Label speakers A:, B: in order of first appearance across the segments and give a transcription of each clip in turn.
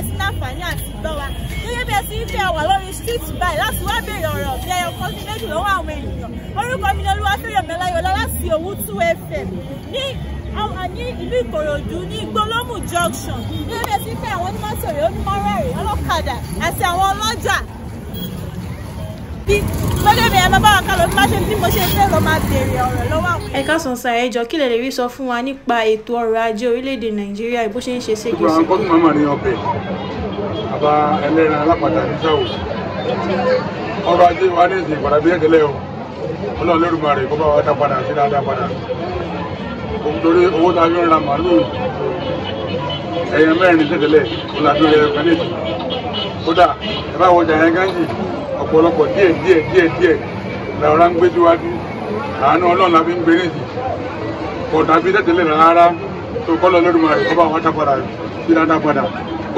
A: ẹ ti láǹfààní àti gbọ́ wa gẹ́gẹ́ bí ẹ ti ń fẹ́ wà lórí street by láti wá béèrè ọ̀rọ̀ bí ẹyọ kan sí méjì lọ́wọ́ àwọn ènìyàn orúkọ mi ni Olúwafẹ́yẹmí Ọláyọlá láti Owutu FM ní ní ìlú Ìkòròdú ní Gbólómù junction gẹ́gẹ́ bí ẹ ti ń fẹ́ àwọn onímọ́tò rẹ̀ onímọ́rẹ́ rẹ̀ ọlọ́kadà àti àwọn ọlọ́jà ẹ bá bá wa ká lọ bí má ṣe bí mo ṣe fẹ́ lọ máa béèrè ọ̀rọ̀ lọ́wọ́ àwọn. ẹ káàsán sa ẹ jọ̀ọ́ kí lè rí sọ fún wa nípa ètò ọrọ̀ ajé orílẹ̀-èdè nàìjíríà bó ṣe ń ṣe ségesège. gbogbo àwọn kọ́tù màmá ní
B: ọbẹ̀ àbá ẹlẹ́ran alápàtà ní sáwò ọrọ̀ kan ní ìsìn kódà ẹ bá wọjà yẹn gáńjì ọ̀pọ̀lọpọ̀ díẹ̀ díẹ̀ díẹ̀ díẹ̀ lọ́ra ń gbé síwájú àánú ọlọ́run la fi ń gbére sí kò dàbí tẹ̀tẹ̀lẹ̀ rárá tó kọ́ lọ lórí màrí ọba àwọn àtàpadà sí dáadáa padà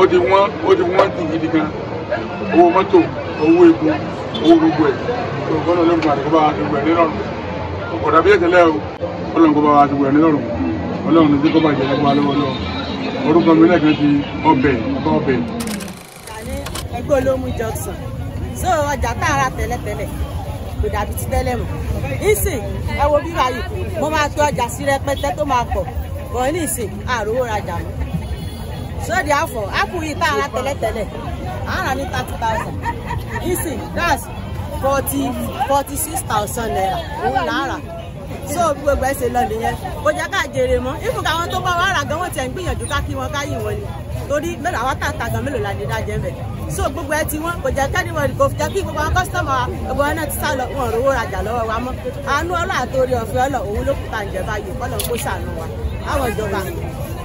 B: ó ti wọ́n ó ti wọ́n ti gidi gan owó mọ́tò owó epo owó gbogbo ẹ̀ tó kọ́ lọ lórí màrí ọba àtàgbẹ̀ nírọ̀rùn kò dàbí tẹ̀tẹ̀lẹ̀ o ọlọ́run kò bá àtàgbẹ̀ nírọ̀rùn ọlọ́run ní kó bàjẹ́ ẹ̀kọ́ alówó lọ orúkọ mi lẹ́ẹ̀kan ti ọbẹ̀ ọbẹ̀.
A: ẹgbẹ́ olómú Jackson so kò dàbí ti tẹ́lẹ̀ mọ́ nísìn ẹ wo bíbá yìí mo máa tó ọjà sí rẹpẹtẹ tó máa pọ̀ bọ̀ nísìn àròwó rajà mọ́ sóde àfọ ápù yìí tá a ra tẹ́lẹ̀tẹ́lẹ̀ a rà ní thirty thousand nísìn that's forty forty six thousand naira òun là á rà so gbogbo ẹ lọ nìyẹn kò jẹ́ ká jèrè mọ́ ìfún káwọn tó bá wà rà gan wọ́n ti ń gbìyànjú ká kí wọn ká yìn wọn ni torí mélòó àwọn tàǹtà gan mélòó la lè dájẹ́ bẹ̀ so gbogbo ẹ ti wọn kò jẹ́ kẹ́ni wọn kò jẹ́ kí gbogbo àwọn kọ́sítọ́mù wa gbogbo wọn náà ti sá wọn rówó rajà lọ́wọ́ wa mọ́ àánú ọlọ́ àtòrí ọ̀fẹ́ ọlọ́ òun ló kúta ǹjẹ́ báyìí kọ́lọ́ kó sànù wa àwọn ìjọba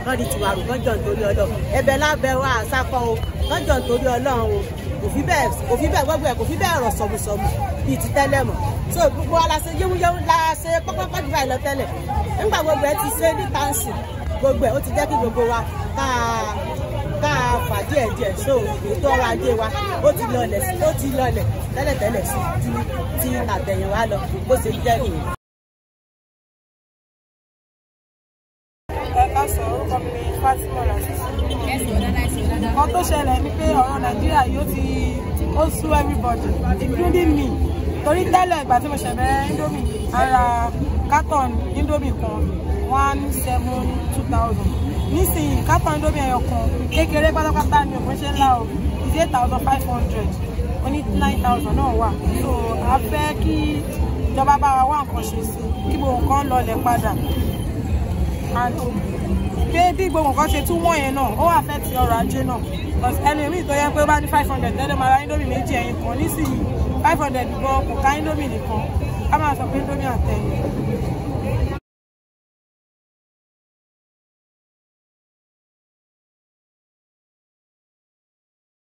A: kan tiwa rò kán ọlọ́ ẹ̀bẹ̀ lábẹ́ wa àṣàkọ́ o kán jọ̀ ọlọ́run o kò fi bẹ́ẹ̀ kò fi bẹ́ẹ̀ gbogbo ẹ̀ kò fi bẹ́ẹ̀ rọ̀ sọ̀mùsọ̀mù bíi ti tẹ́lẹ̀ mọ̀ so gbogbo aláṣẹ yéwúyéwú la ṣe jù báyìí lọ tẹ́lẹ̀ nígbà gbogbo ẹ ti ṣe ní táǹsì gbogbo ẹ ó ti jẹ́ kí gbogbo wa káà káà fà díẹ̀ díẹ̀ so ètò ọrọ̀ ajé wa ó ti lọlẹ̀ ó ti lọlẹ̀ tẹ́lẹ̀tẹ́lẹ̀
C: sí ti àtẹ̀yìnwá lọ bó ṣe jẹ́ nìyẹn. àtàsọ orúkọ mi ni Fatima Rasisi. nǹkan tó ṣẹlẹ̀ ni pé ọ̀rọ̀ Nàìjíríà yóò ti ó sú everybody including me torí tẹ́lẹ̀ ìgbà tí mo ṣẹ̀ bẹ̀rẹ̀ Indomie ara carton Indomie kan one seven two thousand nísìnyí carton Indomie ẹyọ kan kékeré pátápátá ni òpin ṣe ńlá o is eight thousand five hundred ó ní nine thousand náà wà so a fẹ́ kí ìjọba bá wa wá nǹkan ṣe sí kí gbogbo nǹkan lọlẹ̀ padà pé bí gbogbo nǹkan ṣe tún wọ́n náà ó wà fẹ́ ti ọrọ̀ ajé náà because ẹlòmíì tó yẹ pé bá ní five hundred lẹ́dọ̀ máa ra méjì ẹ̀yìn kan nísìnyí five hundred gan kò ká indomie nìkan ká máa sọ pé indomie àtẹ̀yìn.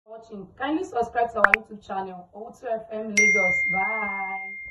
C: Watching. Kindly subscribe to our YouTube channel, O2FM Lagos. Bye.